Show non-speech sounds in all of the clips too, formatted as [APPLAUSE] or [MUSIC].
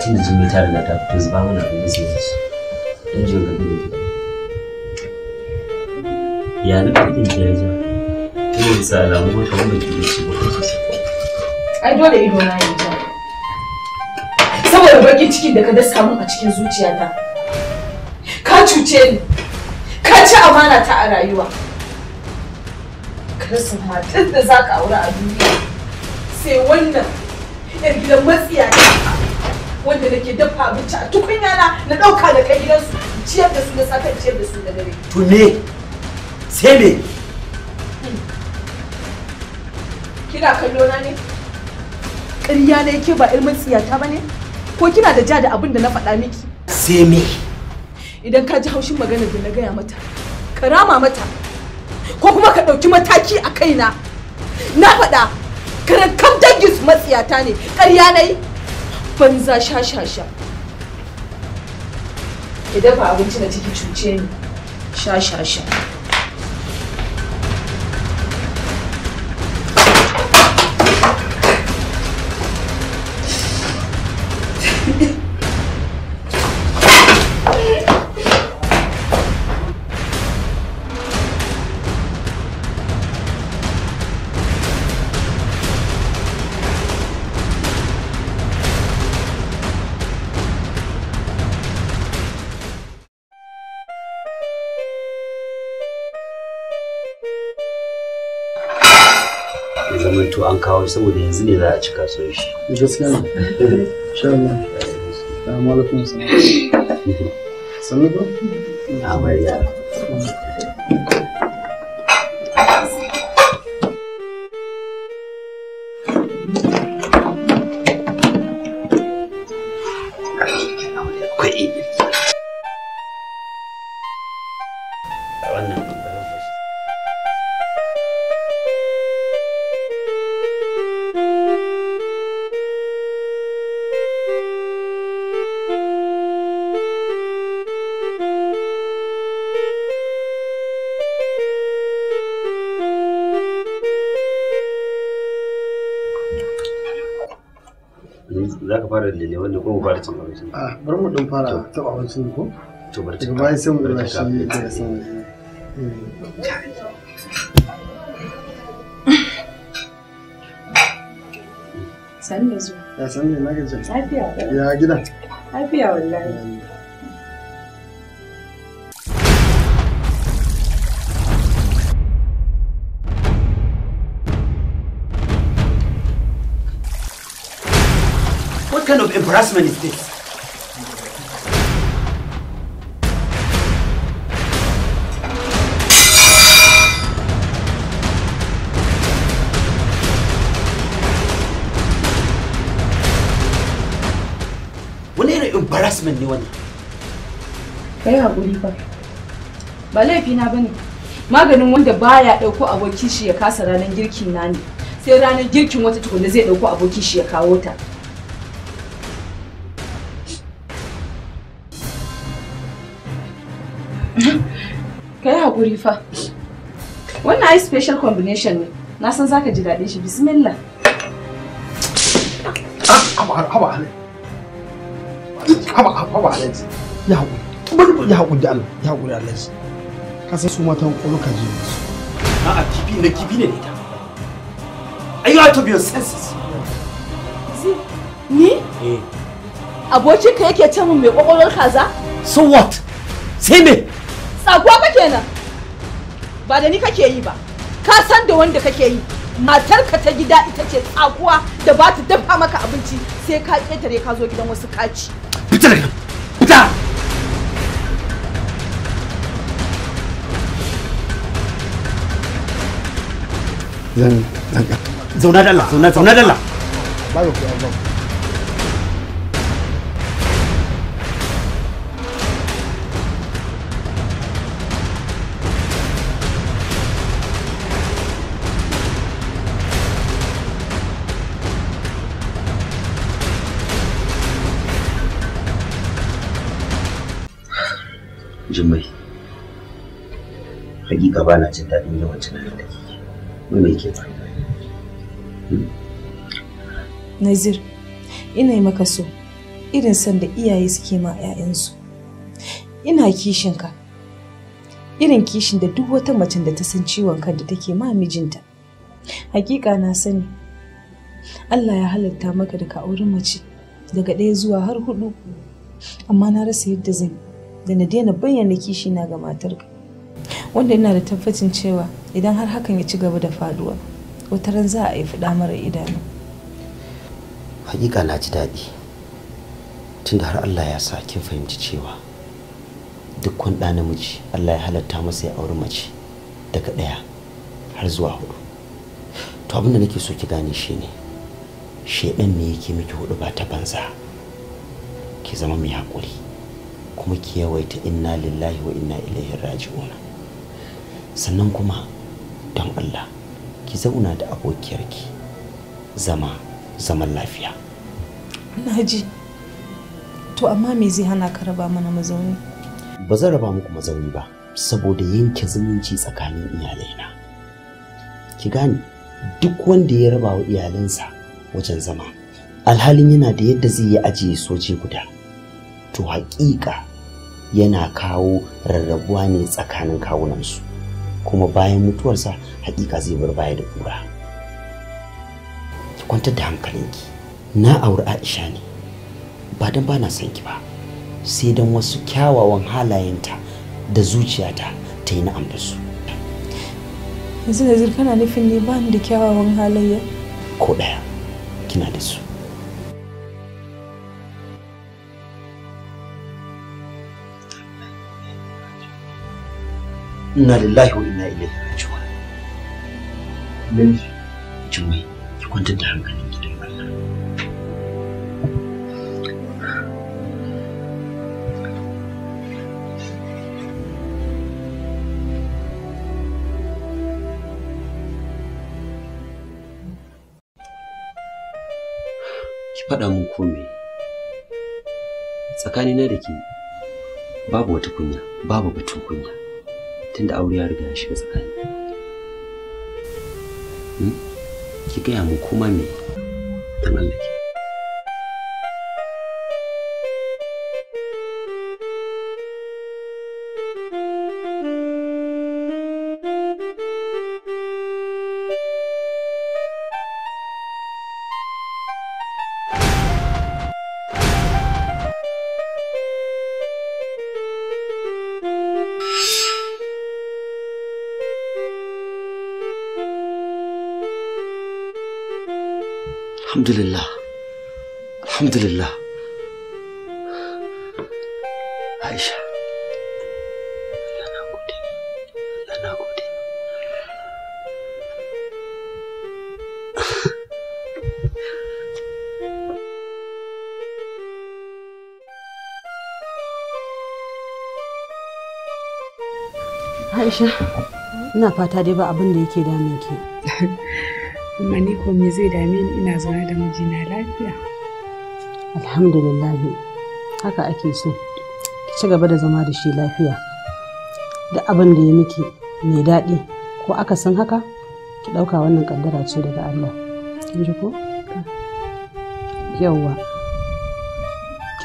lokacin da jini ta riga ta fito zuba mana abin da zai yi su don jiwa ga gani ya na ɗin ki ya ja kuma bisa alamu ba wanda ke da shi ba ko sosai ai dole ido na yi ja saboda bakin cikin da ka daska min a cikin zuciyata ka cuce ni ka ci amana ta a rayuwa rasa matar da za ka aure a duniya sai wannan yar gidan matsiya ne wanda nake dafa abinci a tukunya na na dauka da kai gidansu ciyar da su da safe ciyar da su da dare to me sai me kina kallo na ne ƙarya ne ke ba ilmin tsiyata ba ne ko kina da ja da abin da na faɗa miki sai me idan ka ji haushin maganar da na gaya mata ka rama mata ko kuma ka ɗauki mataki a kaina na faɗa karan kam dangin su matsiyata ne ƙarya na yi banza sha sha sha idan ba abinci da ciki cuce ni sha sha sha zaman to an kawo saboda yanzu ne za a cika so shi gaskiya ne insha Allah assalamu alaikum sannu [LAUGHS] ko amarya labarin da ne wanda kuma ba da cin abinci a ah, bari mu dan fara taba abincin ko to bari ta bayan sai mu ga shi eh. [COUGHS] da san ya san na gaji lafiya ya gida lafiya wallahi kind of embarrassment is this? Wani irin embarrassment ne wannan? Kai haƙuri fa. Ba laifina ba ne. Maganin wanda baya ɗauko abokin shi ya kasa ranar girkin na ne. Sai ranar girkin wata tukunna zai ɗauko abokin shi ya kawo ta. haƙuri fa. Wannan ai special combination ne. Na san za ji daɗin shi bismillah. Ah, haba haba Haba haba Ya haƙuri. Bari ya haƙuri da Allah. Ya haƙuri Ka san su matan ƙwaruka ji ne su. A'a na yake ce mai ƙwaƙwalwar kaza? So ba da ni kake yi ba ka san da wanda kake yi matarka ta gida ita ce tsakuwa da ba ta dafa maka abinci sai ka ƙetare ka zo gidan wasu kaci fita daga fita zan zauna da Allah zauna zauna da Allah ba ku hakika ba na jin daɗin yawan tunanin da kike wai ke hmm. Nazir ina yi maka so irin san da iyaye suke ma 'ya'yansu ina kishin ka irin kishin da duk wata macen da ta san ciwon da take ma mijinta hakika na sani Allah ya halatta maka da ka auri mace daga ɗaya zuwa har hudu amma na rasa yadda zan da na daina bayyana kishi na ga matarka wanda yana da tabbacin cewa idan har hakan ya ci gaba da faduwa wataran za a yi fida mara idanu hakika na ji daɗi tunda har allah ya sa kin fahimci cewa duk ɗa namiji allah ya halatta masa ya auri mace daga ɗaya har zuwa hudu to abin nake so ki gane shi ne shaidan ne yake miki hudu ba ta banza ki zama mai haƙuri kuma ki yawaita inna lillahi wa inna ilaihi raji'una sannan kuma don Allah ki zauna da abokiyarki zama zaman lafiya naji to amma me zai hana ka raba mana mazauni ba zan raba muku mazauni ba saboda yanke zumunci tsakanin iyalaina ki gane duk wanda ya raba wa iyalansa wajen zama alhalin yana da yadda zai yi ajiye soje guda to haƙiƙa yana kawo rarrabuwa ne tsakanin kawunansu kuma bayan mutuwarsa hakika zai bar baya da kura ki kwantar da hankalinki na auri aisha ne ba don ba na son ki ba sai don wasu kyawawan halayenta da zuciyata ta yi na'am da su yanzu da zirka na nufin ne ba ni da kyawawan halayya ko ɗaya kina da su inna lillahi wa inna ilaihi raji'un lalle jumi ki kwantar da hankalin ki da Allah ki faɗa min komai tsakanina da ke babu wata kunya babu batun kunya tunda aure ya riga ya shiga tsakani hmm? ki gaya mu kuma me alhamdulillah لله aisha Aisha, ina fata dai ba abin da yake damin ki. [LAUGHS] kuma ni ko me zai dame ni ina zaune da mijina lafiya alhamdulillah haka ake so ki ci gaba da zama da shi lafiya da abin da ya miki mai daɗi ko aka san haka ki ɗauka wannan kaddara ce daga Allah kin ji ko yawwa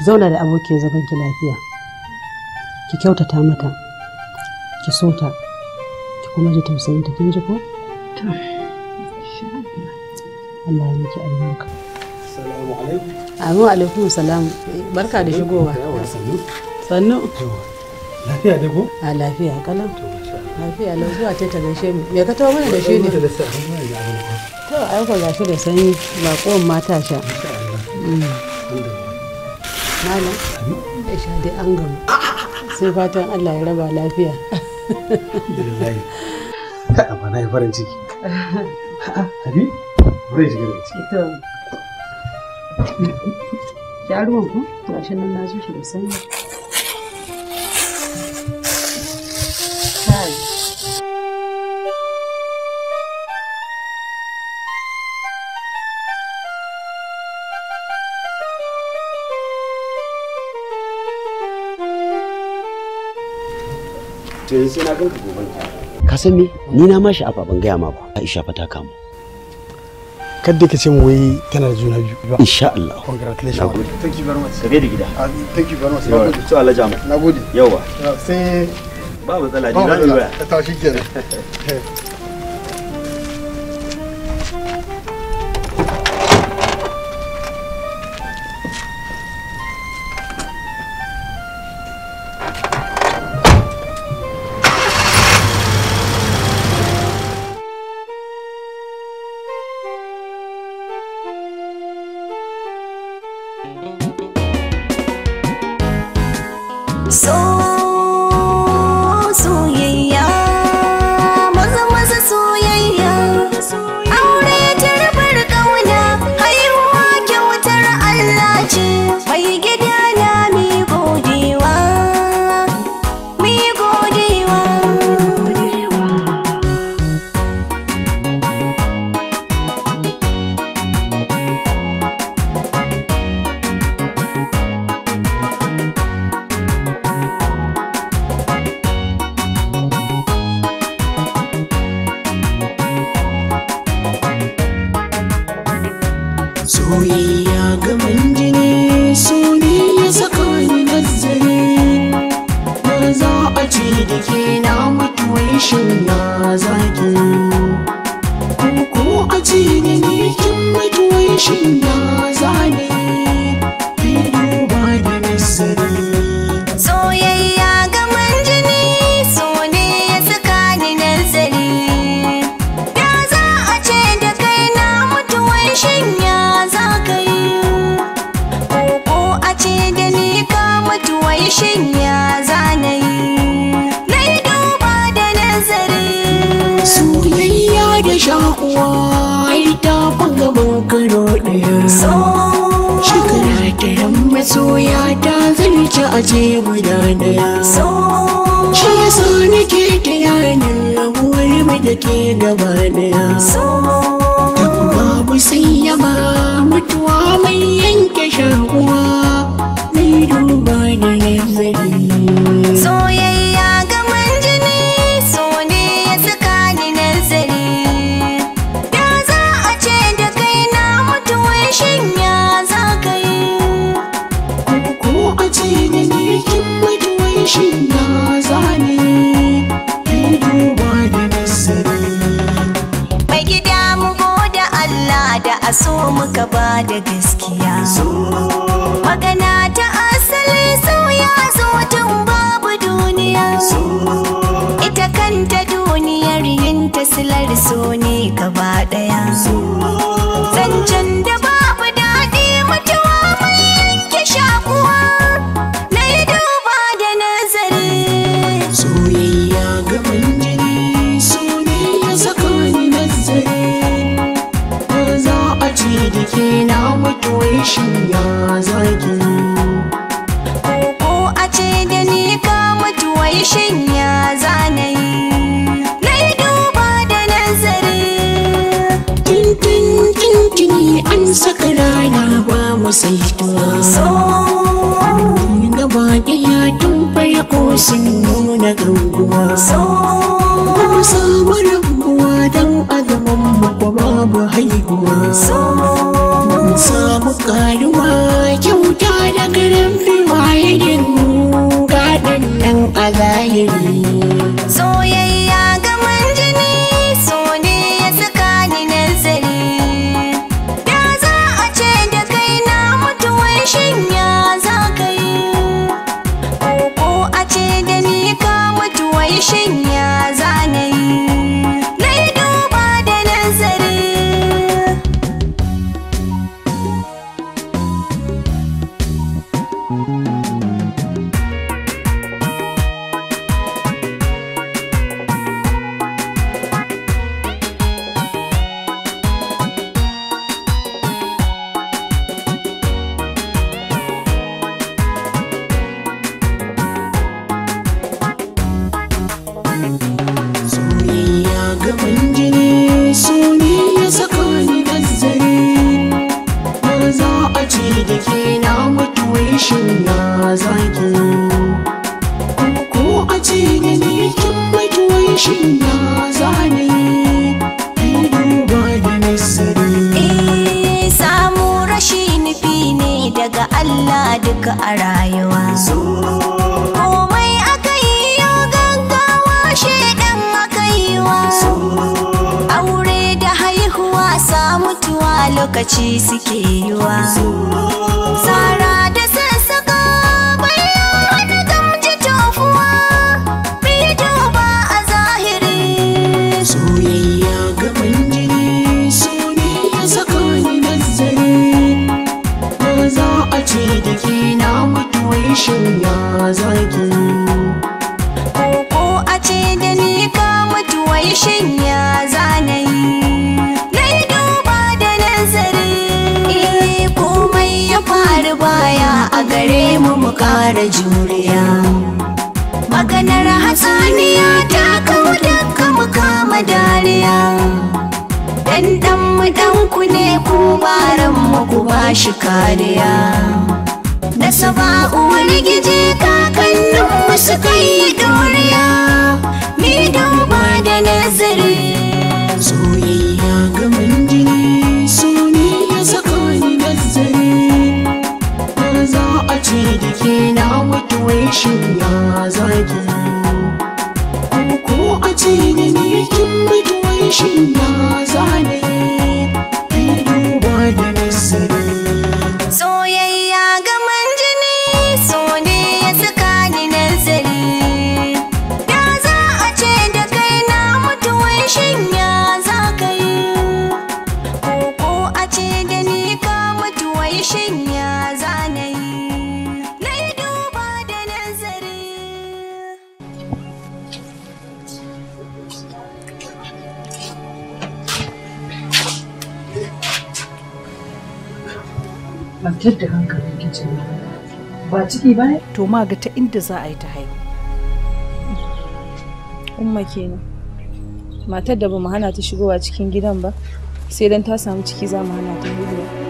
ki zauna da abokin zaman ki lafiya ki kyautata mata ki so ta ki kuma ji tausayin ta kin ji ko Allah ya miki albarka Salamu alaikum amin alaikum salam barka da shigowa sannu lafiya da ko a lafiya kalam lafiya lau zuwa ce ta gaishe mu me ka tawo mana da shi ne to ai ko gashi da sanyi ba kowan mata sha mm. Mala. Ya sha dai an gamu sai fatan Allah ya raba lafiya alhamdulillah [LAUGHS] amma na yi farin ciki [LAUGHS] Habi? zai ka san me ni na mashi afa ban gaya ma ba Aisha fa ta kamu kadda ka ce mu wai tana da juna biyu ba insha Allah congratulations thank you very much ka da gida thank you very much nagode to Allah jama nagode yawa sai ba matsala ni na waya ta shi kenan [LAUGHS] ko a ne ni kin mai tuwai shi na masoya ta zan ci aje guda daya shi yasa nake tunanin rabuwar mu da ke gaba daya babu sai ya yaba mutuwa mai yanke shakuwa mai duba da nazari a so muka ba da gaskiya magana ta asali sauya tun babu duniya ita kanta duniyar yin tasilar so ne gaba daya zancen musaituwa na baƙi ya tun farko sun nuna ganguwa ba mu samu rabuwa don a gaban haihuwa mun samu karuwa kyauta da garin fiwaye din gadon nan a zahiri lokaci suke yiwa tsara da sassaka bayan na gamji tofuwa Biyu a zahiri soyayya gaban jini su ne tsakanin nazari ba za a ce da ke na mutuwar shin zaki ko a ce da ni ka mutuwar shirya kare mu mu ƙara juriya maganar hatsaniya ta kawo daga mu dariya dan dan mu dan ku ne ku baran mu ku ba shi kariya da saba uwar gije kakannin mu su kai doriya mi duba da nazari soyayya ce da ke na mutuwai shin ya zaki ko a ce kwantar da hankalin ke ba ciki ba ne to ma ga ta inda za a yi ta haihu umma kenan matar da bamu hana ta shigowa cikin gidan ba sai dan ta samu ciki za mu hana ta haihuwa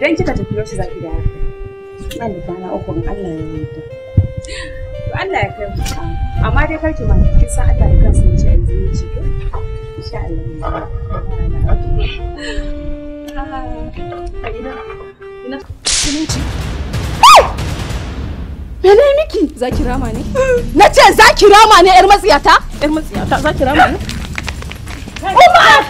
idan kika tafi wasu zaki da haka nan da kwana uku in Allah ya yarda to Allah ya kai mu amma dai kar ma kin san Allah ya kansa ya ce an yi ci to insha Allah Mene miki? Za ki rama ne? Na ce za ki rama ne 'yar matsiyata? 'Yar matsiyata za ki rama ne? Umar!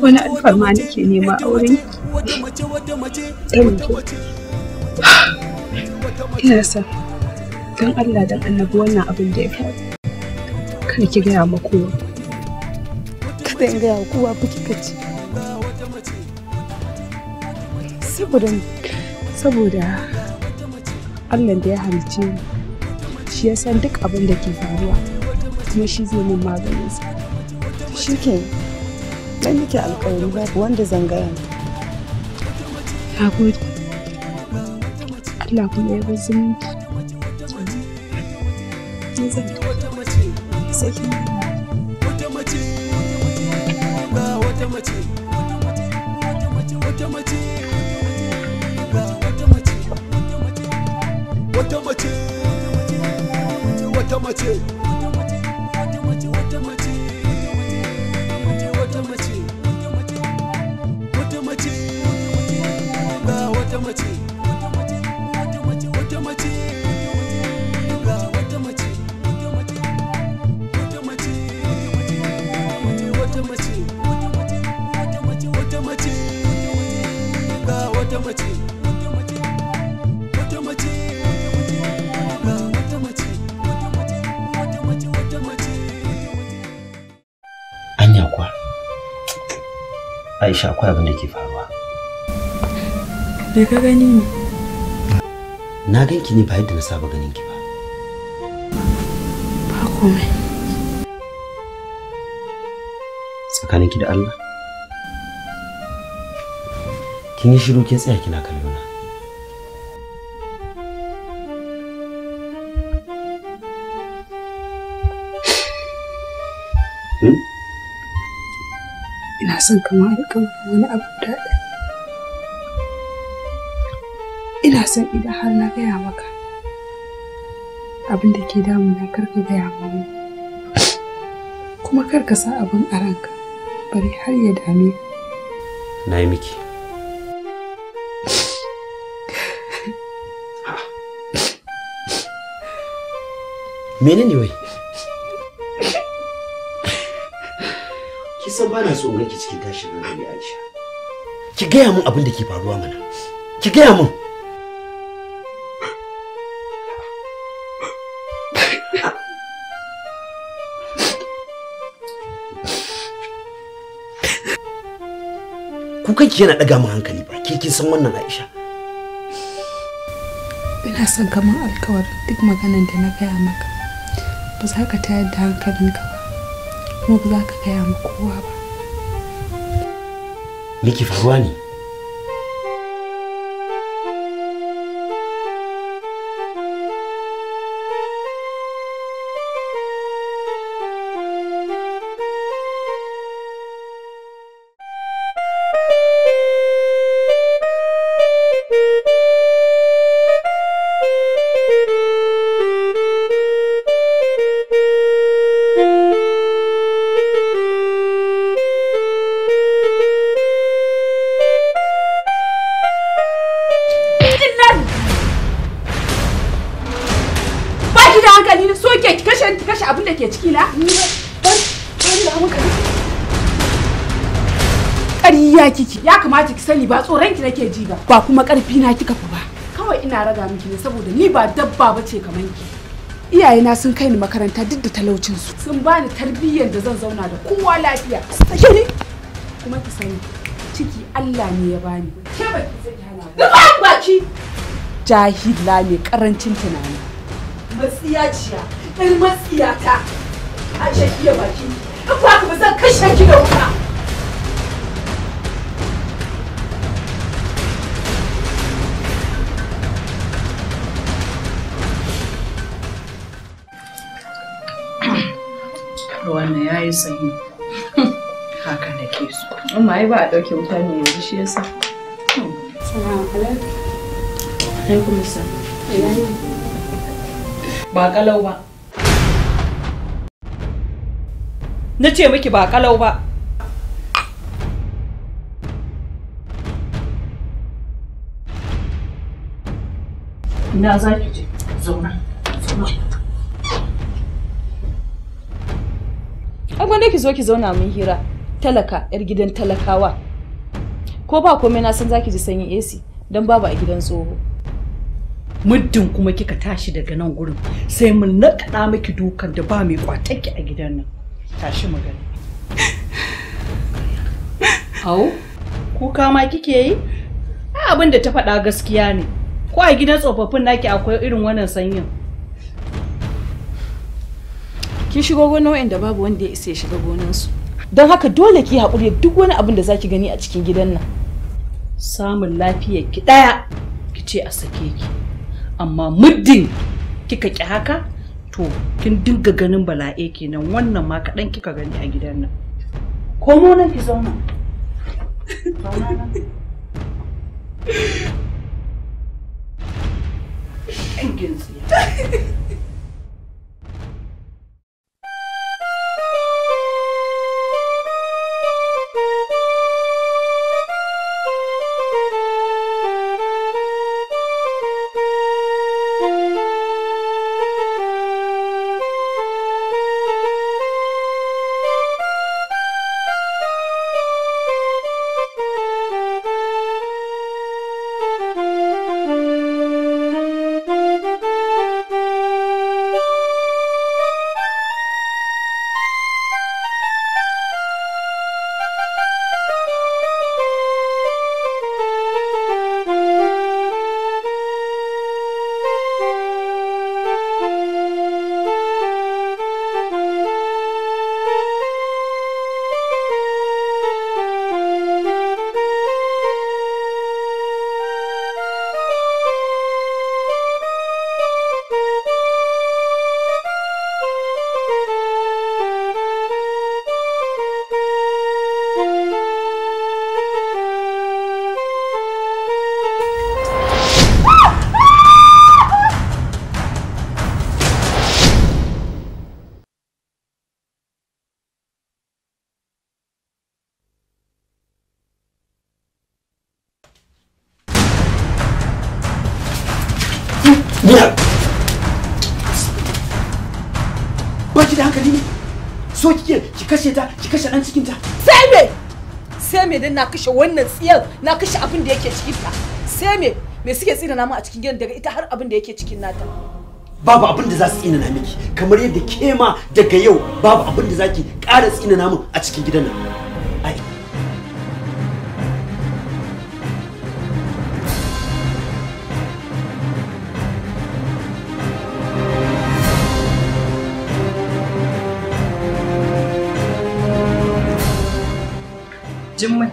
Wani alfarma wata mace nake nema auren wata mace ina sa don Allah dan annabi wannan abin da ya faru kada ki gaya ma kowa kada in gaya kowa ba kika ci saboda saboda Allah da ya halice shi ya san duk abin da ke faruwa kuma shi zai min maganin sa shi kenan Dan nake alkawari babu wanda zan gaya gode. Aisha akwai abin da ke faruwa. Me ka gani ne? Na ganki ne ba yadda na saba ganin ki ba. Ba komai. Tsakaninki da Allah? Kin yi shiru kin tsaya kina kallon ina son kama da kan wani abu da ina son idan har na gaya maka abin da ke damuna kar ka gaya mamu kuma kar ka sa abin a ranka bari har ya dame na yi miki [LAUGHS] menene wai san ba na so in ganki cikin tashin hankali Aisha. Ki gaya min abin da ke faruwa mana. Ki gaya min. Kukan ki yana ɗaga min hankali ba, ke kin san wannan Aisha. Ina son kamar alkawarin duk maganar da na gaya maka. Ba za ka tayar da hankalinka ba. kuma ba za ka kaya ma kowa ba. Miki faruwa ne? ba tsoron nake ji ba ba kuma karfi na kika fi ba kawai ina raga miki ne saboda ni ba dabba bace kamar ki iyayena sun kai ni makaranta duk da talaucin su sun bani tarbiyyar da zan zauna da kowa lafiya sake kuma ki sani ciki Allah ne ya bani ke ba ki saki hana ba baki jahila ne karancin tunani matsiyaciya ɗan matsiyata a shakiya baki ba ka ba zan kashe ki da wuta wannan ya yi sanyi [LAUGHS] haka na ke so amma ai ba a ɗauke wuta ne yanzu shi yasa ba kalau ba na ce miki ba kalau ba ina za ki je zauna dai ki zo ki zauna mun hira talaka yar gidan talakawa ko ba komai na san zaki ji sanyin AC dan babu a gidan tsoho muddin kuma kika tashi daga nan gurin sai mun nakaɗa miki dukan da ba mai kwatakki a gidan nan tashi mu gani au kuka ma kike yi abin da ta faɗa gaskiya ne ko a gidan tsofaffin naki akwai irin wannan sanyin Kin shigo gonar wa'anda babu wanda ya isa ya shiga gonansu don haka dole ki hakuri duk wani abin da zaki gani a cikin gidan nan samun lafiyar ki ɗaya ki ce a sake ki amma muddin kika ki haka to kin dinga ganin bala'i kenan wannan ma kaɗan kika gani a gidan nan komo nan ki zauna Engin tsiya. nan na kashe wannan tsiyar na kashe abin da yake cikin ta sai me me suke tsina na mu a cikin gidan daga ita har abin da yake cikin nata babu abin da za su tsina na miki kamar yadda ke ma daga yau babu abin da zaki ƙara tsina na mu a cikin gidan nan ai jimmin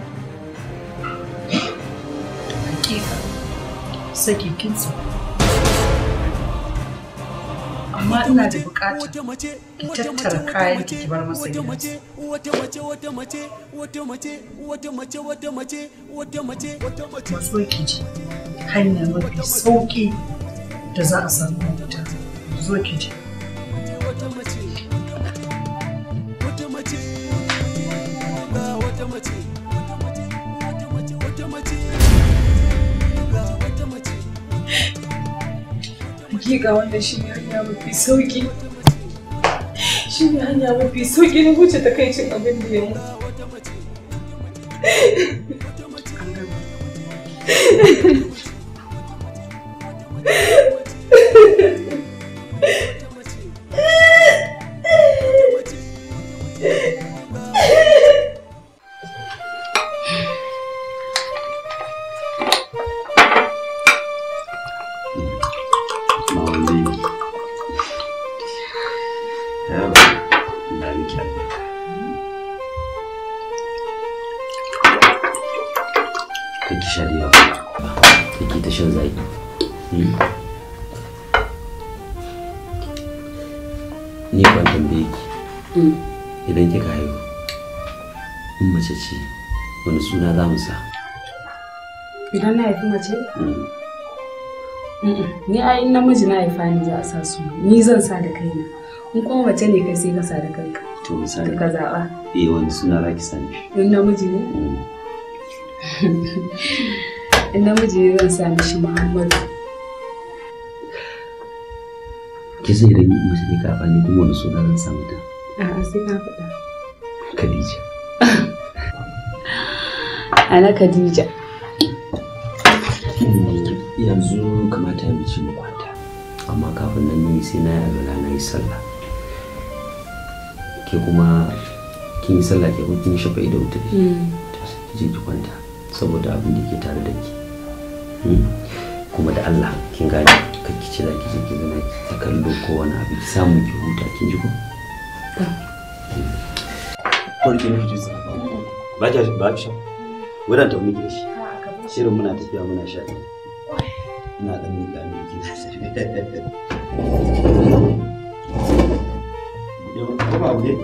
amma ina da bukatar ki tattara kayan ki bar masa gidansa matso ji hanya mafi sauki da za a samu mafita zo ki ji Hakika wanda shi ne hanya mafi sauki shi ne hanya mafi sauki na wuce ta abin da ya mutu ta shan zaki hmm? ni ban tambaye ki hmm. idan kika haihu in mace ce wani suna za mu sa idan na haifi mace hmm. ni a in namiji na haifa ni za a sa su ni zan sa da kaina in kuma mace ne kai sai ka sa da kanka to misali ka zaɓa eh wani suna za ki sani in namiji ne [LAUGHS] in namiji zan sa mishi muhammadu ki sai da ni mace ne ka bani kuma wani suna zan samu ta a'a sai na faɗa khadija [LAUGHS] ana khadija yanzu kamata ya bici mu kwanta amma kafin nan ni sai na yi alwala na yi sallah ke kuma kin yi sallah ke kuma kin shafa ido wuta hmm. je ki kwanta saboda abin da ke tare da ki kuma da Allah kin gane ka kici da kici je ki zama ta kallo ko wani abu ki samu ki huta kin ji ko Kwarki ne ji ba ja ba sha wannan ta muke da shi shirin muna tafiya muna sha ina dan miƙa ne ki da sai Yau, ba abu ne?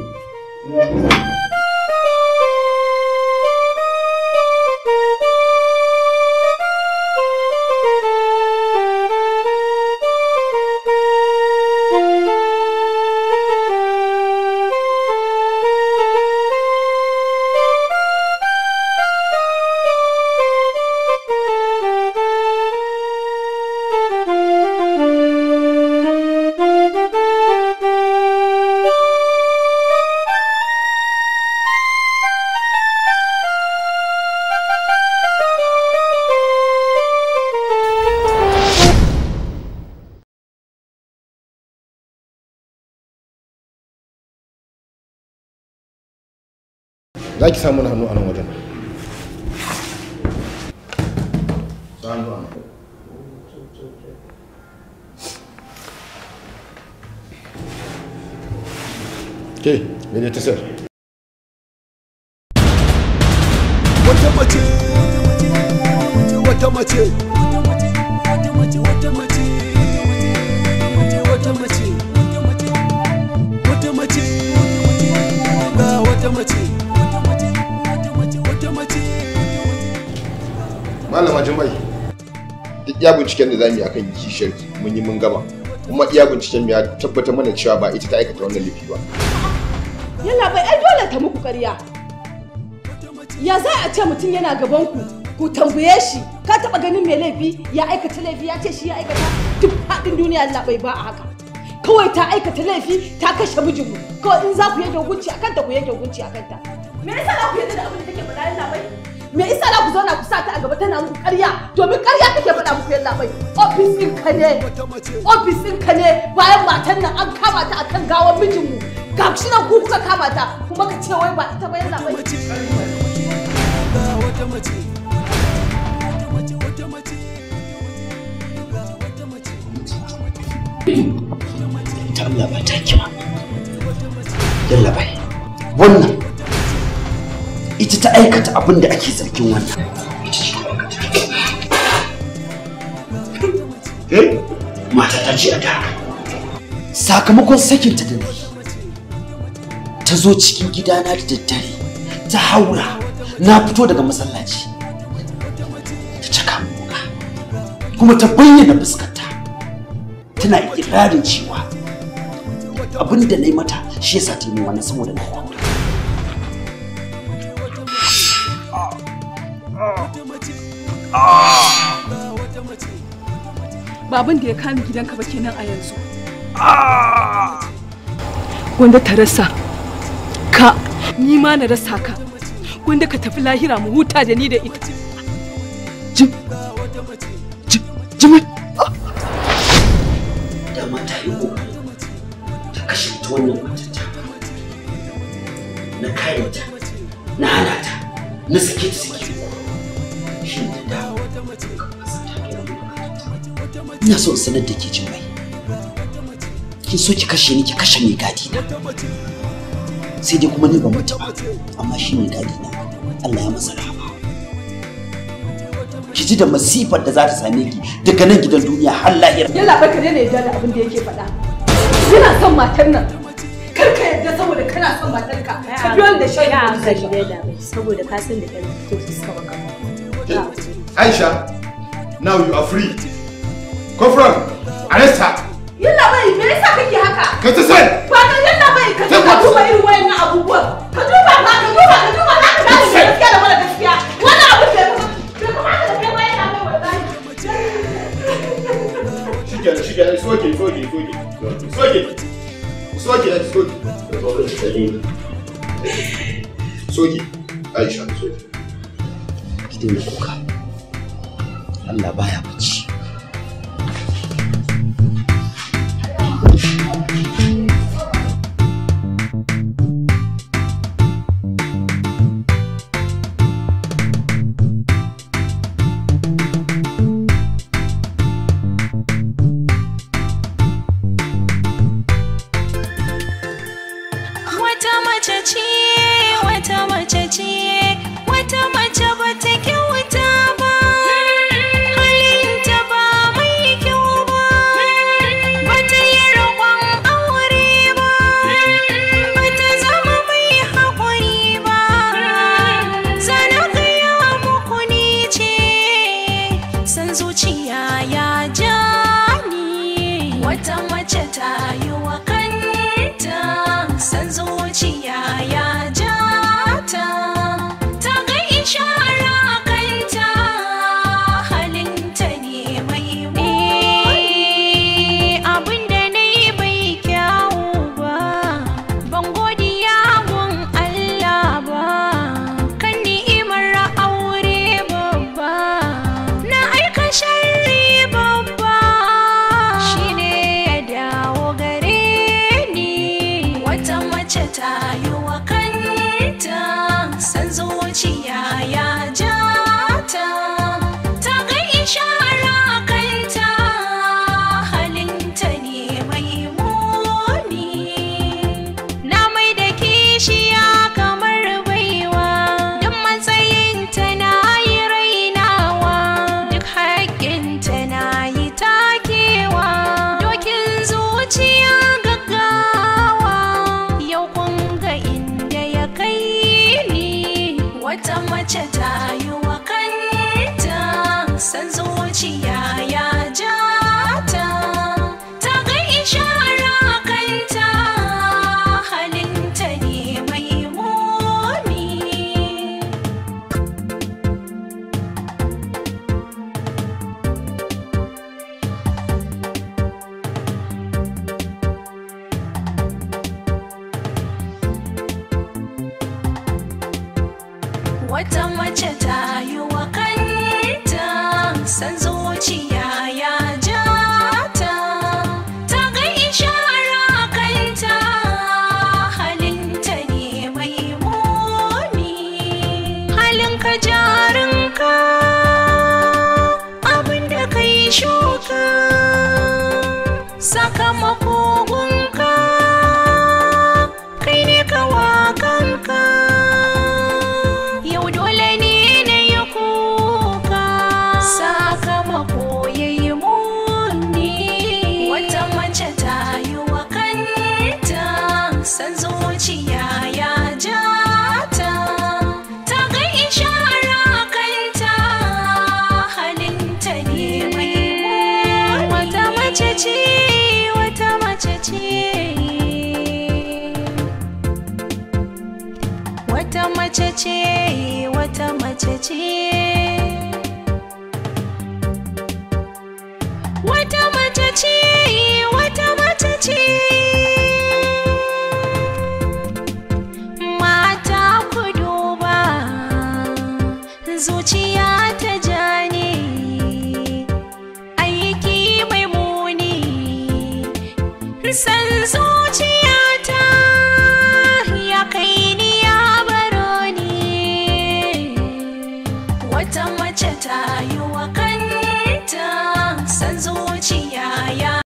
za ki samu hannu a nan wajen ke ta sir wata mace wata mace wata mace wata mace wata mace wata mace malama jimai duk ya binciken da zamu yi akan kishiyar mun yi mun gama kuma iya binciken ya tabbatar mana cewa ba ita ta aikata wannan laifi ba yalla bai ai dole ta muku ƙarya ya za a ce mutum yana gaban ku ku tambaye shi ka taba ganin mai laifi ya aikata laifi ya ce shi ya aikata duk haɗin duniya yalla bai ba a haka kawai ta aikata laifi ta kashe ku kawai in za ku yanke hukunci akan ta ku yanke hukunci akan ta me yasa za ku yadda da abin da take faɗa yalla bai me isa za ku zauna ku sa ta a gaba tana muku ƙarya domin ƙarya kake faɗa muku yalla bai ofis ɗin ka ne ofis ɗin ka ne bayan matan nan an kama ta akan gawar mu ga shi nan ku kuka kama ta kuma ka ce wai ba ita ba yalla bai wata ta kima yalla wannan ita ta aikata abin da ake zargin wannan eh? mata ta ce a da sakamakon sakinta da ni, ta zo cikin gidana da daddare ta haura na fito daga masallaci ta caka muka kuma ta bayyana fuskarta tana ikirarin cewa abin da na yi mata shi yasa ta yi wannan saboda na yi Ba da ya kame gidanka ba kenan a yanzu. Ah! Gwanda ta rasa ka, ni ma na rasa ka. Gwanda ka tafi lahira mu huta da ni da ita. Jim, jim, jimai. Dama ta yi ta kashe ta wannan mace ta. Na kare ta, na hana ta, na sake ta sake ina so in sanar da ke jin mai kin so ki kashe ni ki kashe mai gadi na sai dai kuma ni ban mutu ba amma shi mai gadi na Allah ya masa rahama ki ji da masifar da za ta same ki daga nan gidan duniya har lahira yalla ba ka ne yarda da abin da yake faɗa yana son matar nan kar ka yarda saboda kana son matar ka ka biyo da shi saboda ka san da kai ko fuska ba ka Aisha, now you are free. from, arrest her. You love me yasa haka? Ka ta sai. Ba da yalla bai, ka ta duba irin wayannan abubuwan. Ka duba ba, ka duba, ka duba, za ka dawo gaskiya da mara gaskiya. Wannan abu da ya kamata da kai ma yana mai wallahi. Shikenan, shikenan, it's okay, it's okay, it's okay. It's okay. It's okay, it's okay. Soji, Aisha, soji. Ki dole kuka. Allah baya bacci